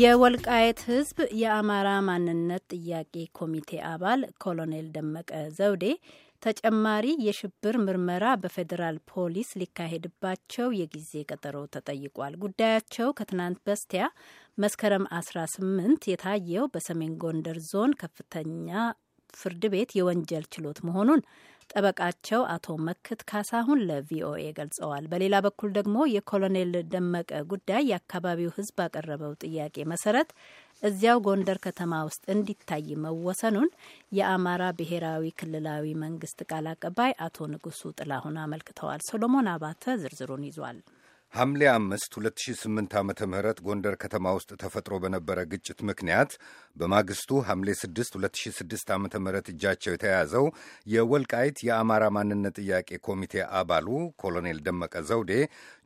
የወልቃየት ሕዝብ የአማራ ማንነት ጥያቄ ኮሚቴ አባል ኮሎኔል ደመቀ ዘውዴ ተጨማሪ የሽብር ምርመራ በፌዴራል ፖሊስ ሊካሄድባቸው የጊዜ ቀጠሮ ተጠይቋል። ጉዳያቸው ከትናንት በስቲያ መስከረም 18 የታየው በሰሜን ጎንደር ዞን ከፍተኛ ፍርድ ቤት የወንጀል ችሎት መሆኑን ጠበቃቸው አቶ መክት ካሳሁን ለቪኦኤ ገልጸዋል። በሌላ በኩል ደግሞ የኮሎኔል ደመቀ ጉዳይ የአካባቢው ሕዝብ ባቀረበው ጥያቄ መሰረት እዚያው ጎንደር ከተማ ውስጥ እንዲታይ መወሰኑን የአማራ ብሔራዊ ክልላዊ መንግስት ቃል አቀባይ አቶ ንጉሱ ጥላሁን አመልክተዋል። ሶሎሞን አባተ ዝርዝሩን ይዟል። ሐምሌ አምስት 2008 ዓ ም ጎንደር ከተማ ውስጥ ተፈጥሮ በነበረ ግጭት ምክንያት በማግስቱ ሐምሌ 6 2006 ዓ ም እጃቸው የተያዘው የወልቃይት የአማራ ማንነት ጥያቄ ኮሚቴ አባሉ ኮሎኔል ደመቀ ዘውዴ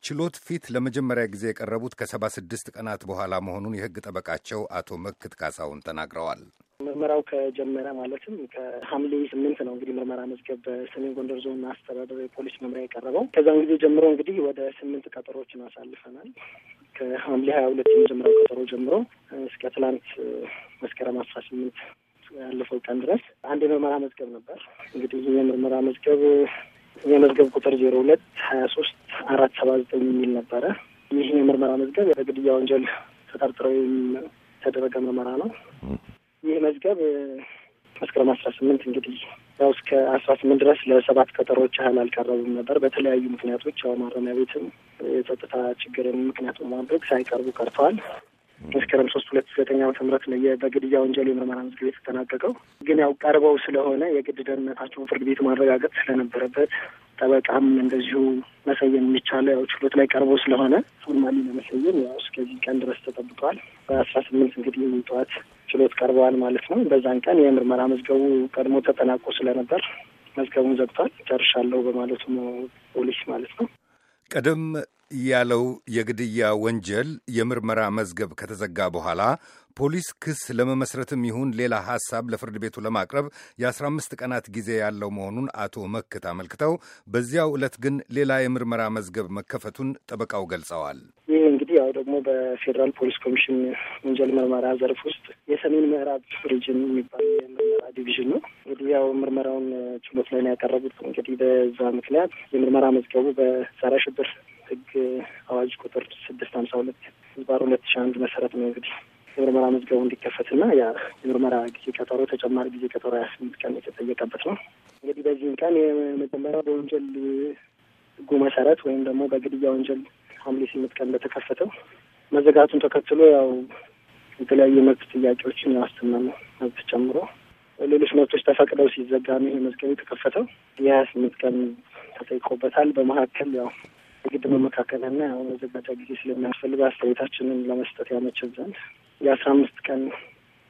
ችሎት ፊት ለመጀመሪያ ጊዜ የቀረቡት ከ76 ቀናት በኋላ መሆኑን የሕግ ጠበቃቸው አቶ መክት ካሳውን ተናግረዋል። ምርመራው ከጀመረ ማለትም ከሐምሌ ስምንት ነው እንግዲህ ምርመራ መዝገብ በሰሜን ጎንደር ዞን አስተዳደር የፖሊስ መምሪያ የቀረበው። ከዛን ጊዜ ጀምሮ እንግዲህ ወደ ስምንት ቀጠሮችን አሳልፈናል። ከሐምሌ ሀያ ሁለት የመጀመሪያው ቀጠሮ ጀምሮ እስከ ትላንት መስከረም አስራ ስምንት ያለፈው ቀን ድረስ አንድ የምርመራ መዝገብ ነበር። እንግዲህ ይህ የምርመራ መዝገብ የመዝገብ ቁጥር ዜሮ ሁለት ሀያ ሶስት አራት ሰባ ዘጠኝ የሚል ነበረ። ይህ የምርመራ መዝገብ በግድያ ወንጀል ተጠርጥረው ተደረገ ምርመራ ነው። ይህ መዝገብ መስከረም አስራ ስምንት እንግዲህ ያው እስከ አስራ ስምንት ድረስ ለሰባት ቀጠሮች ያህል አልቀረቡም ነበር። በተለያዩ ምክንያቶች ያው ማረሚያ ቤትም የጸጥታ ችግርን ምክንያቱ ማድረግ ሳይቀርቡ ቀርተዋል። መስከረም ሶስት ሁለት ዘጠኝ ዓመተ ምህረት ነው በግድያ ወንጀል የምርመራ መዝገብ የተጠናቀቀው። ግን ያው ቀርበው ስለሆነ የግድ ደህንነታቸውን ፍርድ ቤት ማረጋገጥ ስለነበረበት ጠበቃም እንደዚሁ መሰየም የሚቻለው ያው ችሎት ላይ ቀርቦ ስለሆነ ፎርማሊ ለመሰየም ያው እስከዚህ ቀን ድረስ ተጠብቋል። በአስራ ስምንት እንግዲህ ጠዋት ችሎት ቀርበዋል ማለት ነው። በዛን ቀን የምርመራ መዝገቡ ቀድሞ ተጠናቆ ስለነበር መዝገቡን ዘግቷል። ጨርሻለሁ በማለቱ ነው ፖሊስ ማለት ነው። ቀደም ያለው የግድያ ወንጀል የምርመራ መዝገብ ከተዘጋ በኋላ ፖሊስ ክስ ለመመስረትም ይሁን ሌላ ሐሳብ ለፍርድ ቤቱ ለማቅረብ የ15 ቀናት ጊዜ ያለው መሆኑን አቶ መክት አመልክተው፣ በዚያው ዕለት ግን ሌላ የምርመራ መዝገብ መከፈቱን ጠበቃው ገልጸዋል። እንግዲህ ያው ደግሞ በፌዴራል ፖሊስ ኮሚሽን ወንጀል ምርመራ ዘርፍ ውስጥ የሰሜን ምዕራብ ሪጅን የሚባል የምርመራ ዲቪዥን ነው። እንግዲህ ያው ምርመራውን ችሎት ላይ ነው ያቀረቡት። እንግዲህ በዛ ምክንያት የምርመራ መዝገቡ በጸረ ሽብር ህግ አዋጅ ቁጥር ስድስት ሀምሳ ሁለት ህዝባር ሁለት ሺ አንድ መሰረት ነው እንግዲህ የምርመራ መዝገቡ እንዲከፈትና ያ የምርመራ ጊዜ ቀጠሮ ተጨማሪ ጊዜ ቀጠሮ ሀያ ስምንት ቀን የተጠየቀበት ነው። እንግዲህ በዚህም ቀን የመጀመሪያው በወንጀል ህጉ መሰረት ወይም ደግሞ በግድያ ወንጀል ሐምሌ ስምንት ቀን በተከፈተው መዘጋቱን ተከትሎ ያው የተለያዩ መብት ጥያቄዎችን የዋስትና መብት ጨምሮ ሌሎች መብቶች ተፈቅደው ሲዘጋ ነው ይሄ መዝገብ የተከፈተው። የሀያ ስምንት ቀን ተጠይቆበታል። በመካከል ያው የግድ መመካከልና ያው መዘጋጃ ጊዜ ስለሚያስፈልግ አስተያየታችንን ለመስጠት ያመቸን ዘንድ የአስራ አምስት ቀን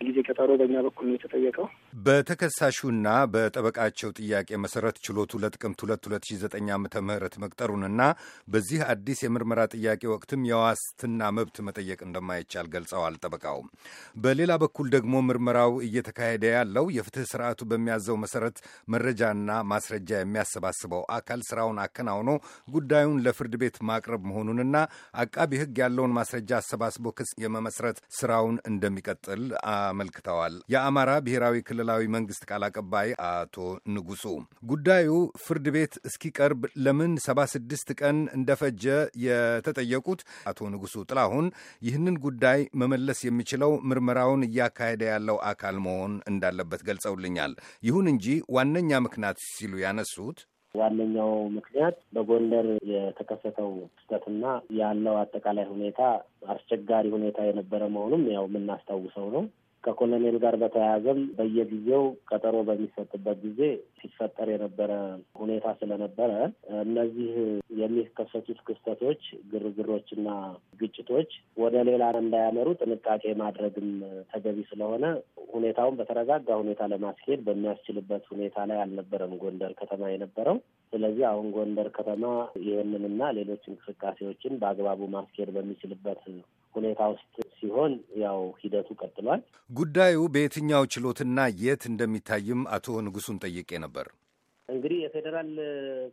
ጊዜ ቀጠሮ በእኛ በኩል ነው የተጠየቀው። በተከሳሹና በጠበቃቸው ጥያቄ መሰረት ችሎቱ ለጥቅምት 2 2009 ዓ ም መቅጠሩንና በዚህ አዲስ የምርመራ ጥያቄ ወቅትም የዋስትና መብት መጠየቅ እንደማይቻል ገልጸዋል ጠበቃው። በሌላ በኩል ደግሞ ምርመራው እየተካሄደ ያለው የፍትህ ስርዓቱ በሚያዘው መሰረት መረጃና ማስረጃ የሚያሰባስበው አካል ስራውን አከናውኖ ጉዳዩን ለፍርድ ቤት ማቅረብ መሆኑንና አቃቢ ህግ ያለውን ማስረጃ አሰባስቦ ክስ የመመስረት ስራውን እንደሚቀጥል አመልክተዋል። የአማራ ብሔራዊ ክልል ክልላዊ መንግስት ቃል አቀባይ አቶ ንጉሱ ጉዳዩ ፍርድ ቤት እስኪቀርብ ለምን 76 ቀን እንደፈጀ የተጠየቁት አቶ ንጉሱ ጥላሁን ይህንን ጉዳይ መመለስ የሚችለው ምርመራውን እያካሄደ ያለው አካል መሆን እንዳለበት ገልጸውልኛል። ይሁን እንጂ ዋነኛ ምክንያት ሲሉ ያነሱት ዋነኛው ምክንያት በጎንደር የተከሰተው ክስተትና ያለው አጠቃላይ ሁኔታ አስቸጋሪ ሁኔታ የነበረ መሆኑም ያው የምናስታውሰው ነው። ከኮሎኔል ጋር በተያያዘም በየጊዜው ቀጠሮ በሚሰጥበት ጊዜ ሲፈጠር የነበረ ሁኔታ ስለነበረ እነዚህ የሚከሰቱት ክስተቶች፣ ግርግሮችና ግጭቶች ወደ ሌላ እንዳያመሩ ጥንቃቄ ማድረግም ተገቢ ስለሆነ ሁኔታውን በተረጋጋ ሁኔታ ለማስኬድ በሚያስችልበት ሁኔታ ላይ አልነበረም ጎንደር ከተማ የነበረው። ስለዚህ አሁን ጎንደር ከተማ ይህንንና ሌሎች እንቅስቃሴዎችን በአግባቡ ማስኬድ በሚችልበት ሁኔታ ውስጥ ሲሆን ያው ሂደቱ ቀጥሏል። ጉዳዩ በየትኛው ችሎትና የት እንደሚታይም አቶ ንጉሱን ጠይቄ ነበር። እንግዲህ የፌዴራል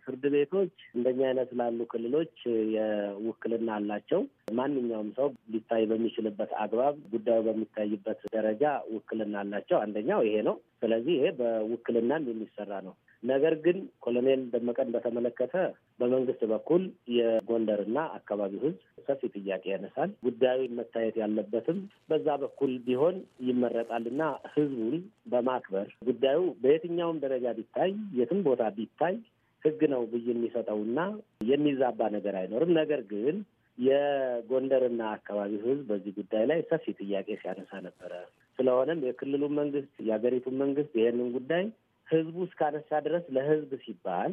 ፍርድ ቤቶች እንደኛ አይነት ላሉ ክልሎች የውክልና አላቸው። ማንኛውም ሰው ሊታይ በሚችልበት አግባብ ጉዳዩ በሚታይበት ደረጃ ውክልና አላቸው። አንደኛው ይሄ ነው። ስለዚህ ይሄ በውክልናም የሚሰራ ነው። ነገር ግን ኮሎኔል ደመቀን በተመለከተ በመንግስት በኩል የጎንደርና አካባቢው ህዝብ ሰፊ ጥያቄ ያነሳል። ጉዳዩ መታየት ያለበትም በዛ በኩል ቢሆን ይመረጣልና ህዝቡን በማክበር ጉዳዩ በየትኛውም ደረጃ ቢታይ የትም ቦታ ቢታይ ህግ ነው ብይን የሚሰጠውና የሚዛባ ነገር አይኖርም። ነገር ግን የጎንደርና አካባቢው ህዝብ በዚህ ጉዳይ ላይ ሰፊ ጥያቄ ሲያነሳ ነበረ። ስለሆነም የክልሉ መንግስት፣ የሀገሪቱ መንግስት ይህንን ጉዳይ ህዝቡ እስካነሳ ድረስ ለህዝብ ሲባል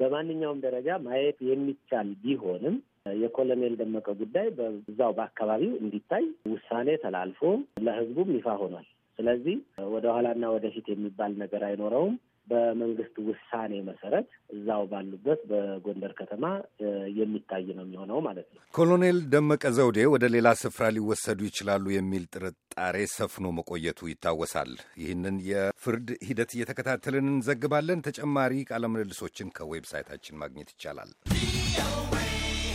በማንኛውም ደረጃ ማየት የሚቻል ቢሆንም የኮሎኔል ደመቀ ጉዳይ በዛው በአካባቢው እንዲታይ ውሳኔ ተላልፎ ለህዝቡም ይፋ ሆኗል። ስለዚህ ወደ ኋላና ወደፊት የሚባል ነገር አይኖረውም። በመንግስት ውሳኔ መሰረት እዛው ባሉበት በጎንደር ከተማ የሚታይ ነው የሚሆነው ማለት ነው። ኮሎኔል ደመቀ ዘውዴ ወደ ሌላ ስፍራ ሊወሰዱ ይችላሉ የሚል ጥርጣሬ ሰፍኖ መቆየቱ ይታወሳል። ይህንን የፍርድ ሂደት እየተከታተልን እንዘግባለን። ተጨማሪ ቃለምልልሶችን ከዌብሳይታችን ማግኘት ይቻላል።